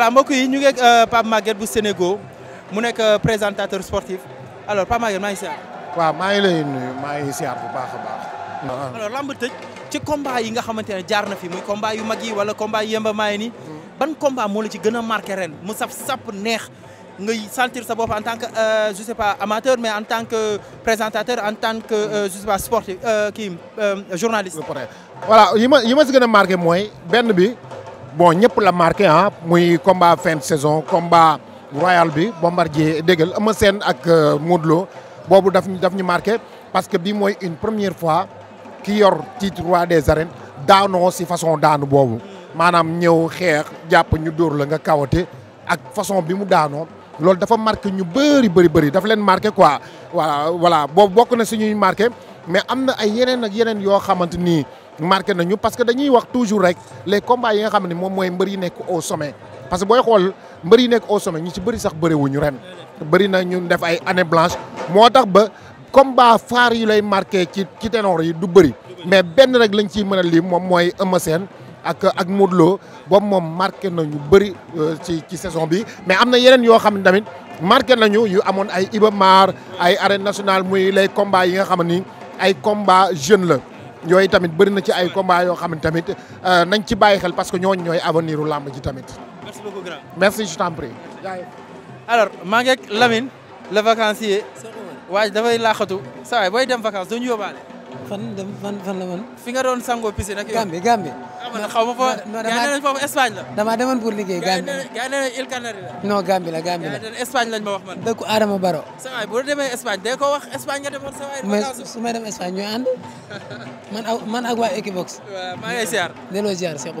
waa mbokk yi ñu ngi ak euh, Pape bu Sénégal mu nekk euh, présentateur sportif alors Pape Maguette maa ngi siyaar. waaw maa ngi lay nuyu maa ngi siyaar bu baax a baax. Ah. alors lamb tëj ci combat yi nga xamante ne jaar na fi muy combat yu mag yi wala combat yu yemba maay ni mm. ban combat moo la ci gën a marqué ren mu saf sap neex ngay sentir sa bopp en tant que euh, je sais pas amateur mais en tant que présentateur en tant que mm. euh, je sais pas sportif euh, kii euh, journaliste. voilà yi ma yi ma si gën a marqué mooy benn bi. bon ñëpp la marqué ah muy combat fin de saison combat royal bi bombardier déggal Eumeu Sène ak euh, Modou Lo boobu daf daf ñu marqué parce que bi mooy une première fois ki yor titre roi des arènes daanoo si façon daanu boobu maanaam ñëw xeex jàpp ñu dóor la nga kawate ak façon bi mu daanoo loolu dafa marqué ñu bëri bëri bëri dafa leen marqué quoi voilà voilà boobu bokk na suñuy marqué mais am na ay yeneen ak yeneen yoo xamante nii marqué nañu parce que dañuy wax toujours rek les combats yi nga xam ne moom mooy mbër yi nekk au sommet parce que booy xool mbër yi nekk au sommet ñu ci bëri sax bari ñu ren. bari na ñu def ay année blanche moo tax ba combat phare yu lay marqué ci ci ténor yi du bëri mais benn rek lañ ciy mën a lim moom mooy Eumeu Sène ak ak Modou Lo boobu moom marqué nañu bëri euh, ci ci saison bi mais am na yeneen yoo xam ni tamit marqué nañu yu amoon ay Iba Mar ay arène nationale muy les combats yi nga xam ni ay combat jeune la. yooyu tamit bëri na ci ay combat yoo xam ne tamit euh, nañ ci bàyyi xel parce que ñooñu ñooy avenir u làmb ji tamit. merci beaucoup grand. merci je t'en prie. alors maa ngi ak Lamine. le vacancier. dafay laaxatu. saa booy dem vacance doo ñu yóbbaale. fan dem fan fan fi nga doon sangoo piscine ak. man xaw ma foofu. non damaa gaa foofu Espagne la. damaa demoon pour liggéey Gambie. gaa nee nañ Îles Canaries la. non Gambie la Espagne lañ Adama Baro. su ma dem Espagne ñooy ànd. man ak man ak waa Equivox. waaw maa ngi lay ziar. delloo ziar Cheikh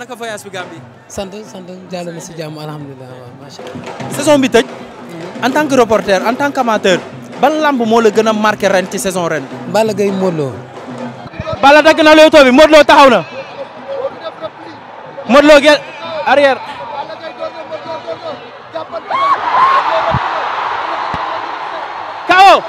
naka voyage bi Gambie. sant sant jàll na si jàmm alhamdulilah waaw macha allah. saison bi tëj. Mm-hmm. en tant que reporter en tant qu'amateur. ban lamb moo la gën a marqué ren ci saison ren. Balla gay Modou Lo. Balla dagg na Leewtoo bi Modou Lo Modou Lo gel arrière KO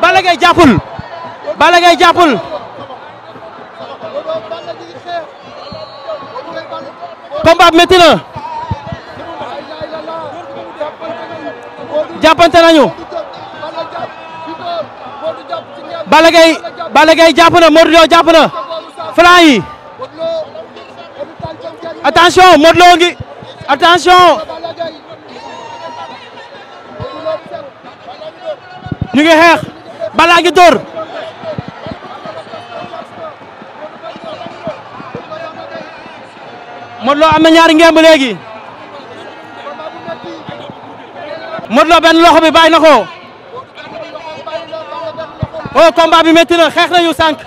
Balla Gaye jàppul Balla Gaye jàppul combat métti na jàppante nañu Balla Gaye Balla Gaye jàpp na Modou Lo ngi attention ñu ngi xeex Balla ngi dóor Modou am na ñaari ngemb léegi Modou Lo benn loxo bi bàyyi na ko oh combat bi métti na xeex nañu sànq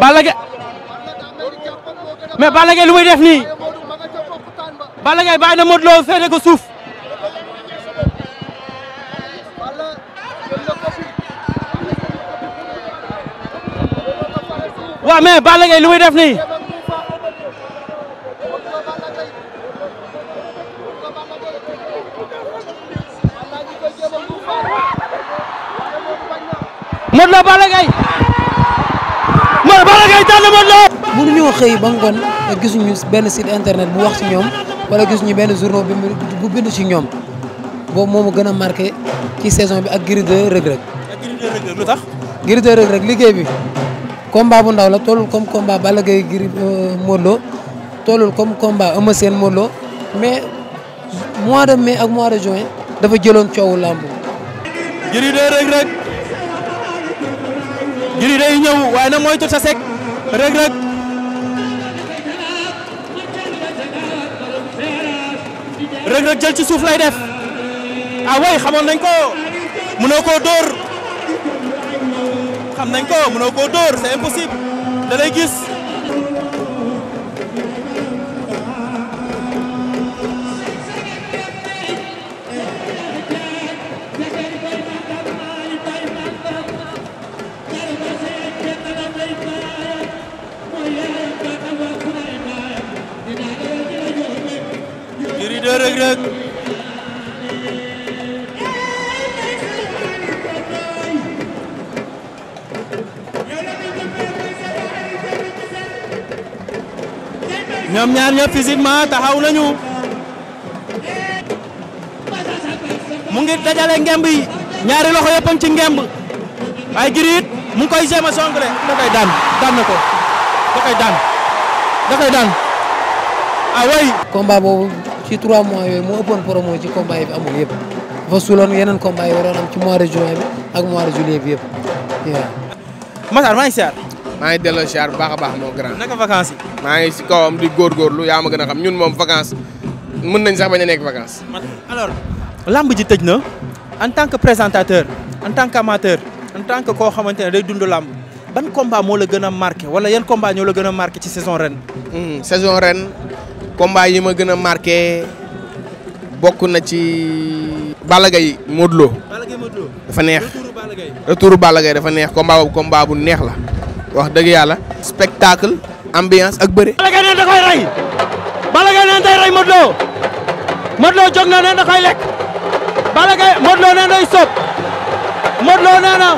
Balla Gaye mais Balla Gaye lu muy def nii Balla Gaye bàyyi na Modou Lo ko suuf waaw mais Balla lu muy def nii. Modou Lo Balla Gaye. Modou Balla Gaye xëy ba ngoon gisuñu benn site internet bu wax ci ñoom gis ñu benn journaux bu bind ci ñoom boobu moomu gën a marqué ci saison bi ak Gris 2 Reug liggéey bi. combat bu ndaw la tollul comme combat Balla Gaye Gris tollul comme combat Eumeu mais mois de mai ak mois de juin dafa jëloon coowu làmb. Gris de Reug Reug Gris day ñëw waaye nag mooy tut sa sec Reug Reug jël ci suuf lay def ah way nañ ko mënoo koo dóor. xam nañ ko mënoo koo dóor c'est impossible da lay gis. ñoom ñaar ñëpp physiquement taxaw nañu. mu ngi dajale ngemb yi ñaari loxo yëppam ci ngemb waaye Gris it mu ngi koy jéem a songale daan daan na ko daan da daan ah way boobu ci 3 mois yooyu moo ëppoon promo ci combat yi fi amul yëpp dafa suuloon yeneen combat yi ci mois de juin bi ak mois de juillet bi yëpp waaw. Matar maa ngi delloo ziar baax a baax moo grand. naka vacances yi. maa ngi si kawam di góorgóorlu yaa ma gën a xam ñun moom vacances mën nañ sax bañ a nekk vacances. alors lamb ji tëj na en tant que présentateur en tant qu'amateur en tant que koo xamante ne day dund lamb ban combat moo la gën a marqué wala yan combat ñoo la gën a marqué ci saison ren. Hmm, saison ren combat yi ma gën a marqué bokk na ci. Balla Gaye Modou Lo. Balla dafa neex. retouru Balla Gaye dafa neex combat boobu combat bu neex la. wax dëgg yàlla. spectacle ambiance ak bëre. Balla Gaye nee koy rey Balla Gaye nee day rey Modou Lo Modou na nee da koy lekk Balla Gaye Modou Lo nee day soob Modou Lo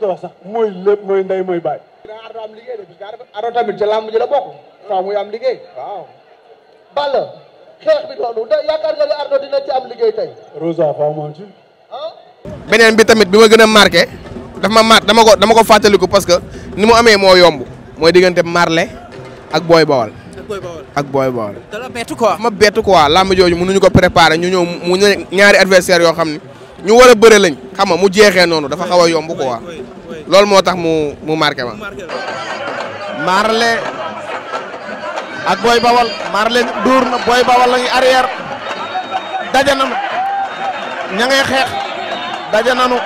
ko wax mooy lépp mooy ndey mooy baay. Ardo am liggéey la bokk. waaw muy am am liggéey tey. Ah? beneen bi tamit bi ma gën a marqué dafa ma mar dama ko dama ko fàttaliku parce que ni mu amee moo yomb mooy diggante marle ak Boy Bawal. ak Boy Bawal. dala bett quoi. ma bett quoi làmb jooju mënuñu ko préparer ñu ñëw mu ñaari adversaire yoo xam ni ñu war a bëre xam nga mu jeexee noonu dafa xaw a yomb quoi loolu moo tax mu mu marqué ma. Marley ak Boy Bawal marle dóor na Boy Bawal la ngi arrière daje na ña ngay xeex daje nanu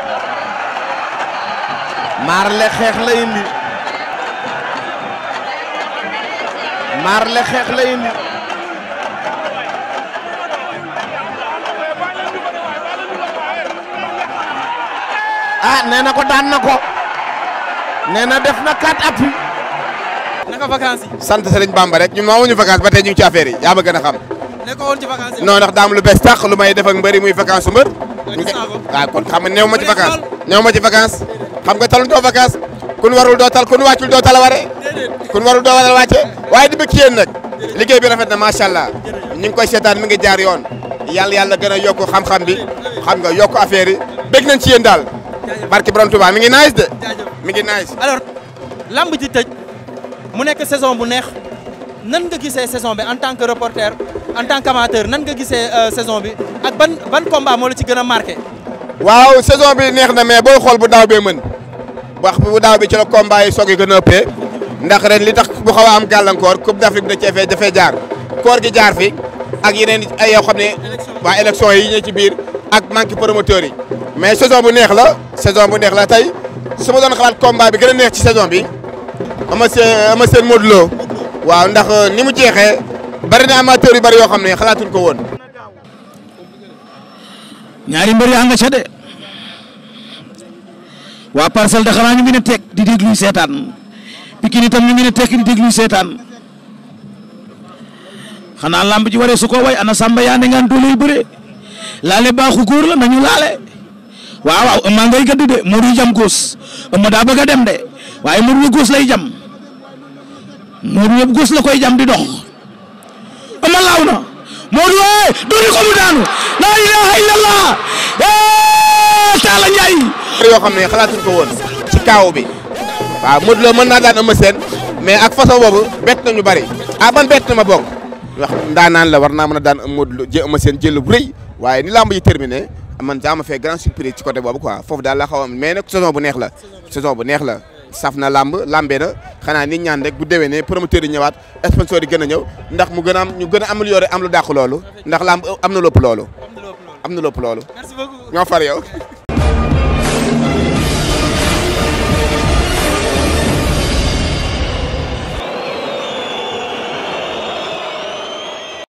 Marley xeex la indi Marley xeex la indi. ah nee na ko daan na ko nee na def na quatre appuis. naka vacances yi. sant Sëriñ Bamba rek ñun moomuñu vacances ba tey ñu ci affaire yi yaa ma gën a xam. nekkoo woon ci vacances yi. non ndax daam lu bees tax lu may def ak mbëri muy vacance su mbër. waaw ah, kon xam nga néew ma ci vacance. néew ma ci vacance. xam nga talutoo vacance. kun warul doo tal kun wàccul doo tal a waree. kun warul doo tal waaye di bëgg ci yéen nag. liggéey bi rafet na macha allah. ñu ngi koy seetaan mi ngi jaar yoon. yàlla yàlla gën a yokk xam-xam xam nga yokk affaire yi. bëgg nañ ci yéen daal barki borom Touba mi ngi nice de. mi ngi nice. alors lamb ji tëj mu nekk saison bu neex nan nga gise saison bi en tant que reporter en tant qu'amateur nan nga gisee euh, saison bi ak ban ban combat moo la ci gën a marqué. waaw saison bi neex na mais booy xool bu daaw bee mën wax bu daaw bi ci la combat yi soog yi gën a ndax ren li tax bu xaw a am gàllankoor coupe d'Afrique da cee dafay jaar koor gi jaar fi ak yeneen ay a xam ne waa élection yi ñu ci biir. ak manque promoteur yi mais saison bu neex la saison bu neex la tey su ma doon xalaat combat bi gën a neex ci saison bi ama seen ama seen Modou Lo waaw ndax euh, ni mu jeexee bari na amateur yu bari yoo xam ne xalaatuñ ko woon. ñaari mbër yaa nga ca de waa parcelle de xanaa ñu ngi ne teg di déglu seetaan Pikine itam ñu ngi ne teg di déglu seetaan xanaa lamb ji waree su ko way ana Samba yaa ne ngaan doole yu bëree. laale baaxu góor la nañu laale waaw waaw ëmma ngay gëdd de Modou jam góos ëmma daa bëgg a dem de waaye Modou góos lay jam Modou yëpp góos la koy jam di dox ëmma laaw na Modou eh doori ko mu daanu laa ilaaha illallah eh Talla Ndiaye. yoo xam ne xalaatuñ ko woon ci kaaw bi waaw Modou Lo mën naa daan Eumeu Sène mais ak façon boobu bett nañu bari ah man bett na ma bokk wax naan la war naa mën a daan Modou Lo jë Eumeu jël bu rëy. waaye ni làmb ji terminé man ça m'a fait grande surprise ci côté boobu quoi foofu daal la xaw a mais saison bu neex la saison bu neex la saf na làmb làmbee na xanaa nit ñaan rek bu déwénee promoteur yi ñëwaat sponsor yi gën a ñëw ndax mu gën am ñu gën a améliorer am lu dàq loolu ndax làmb am na lépp loolu am na lépp loolu ñoo far yo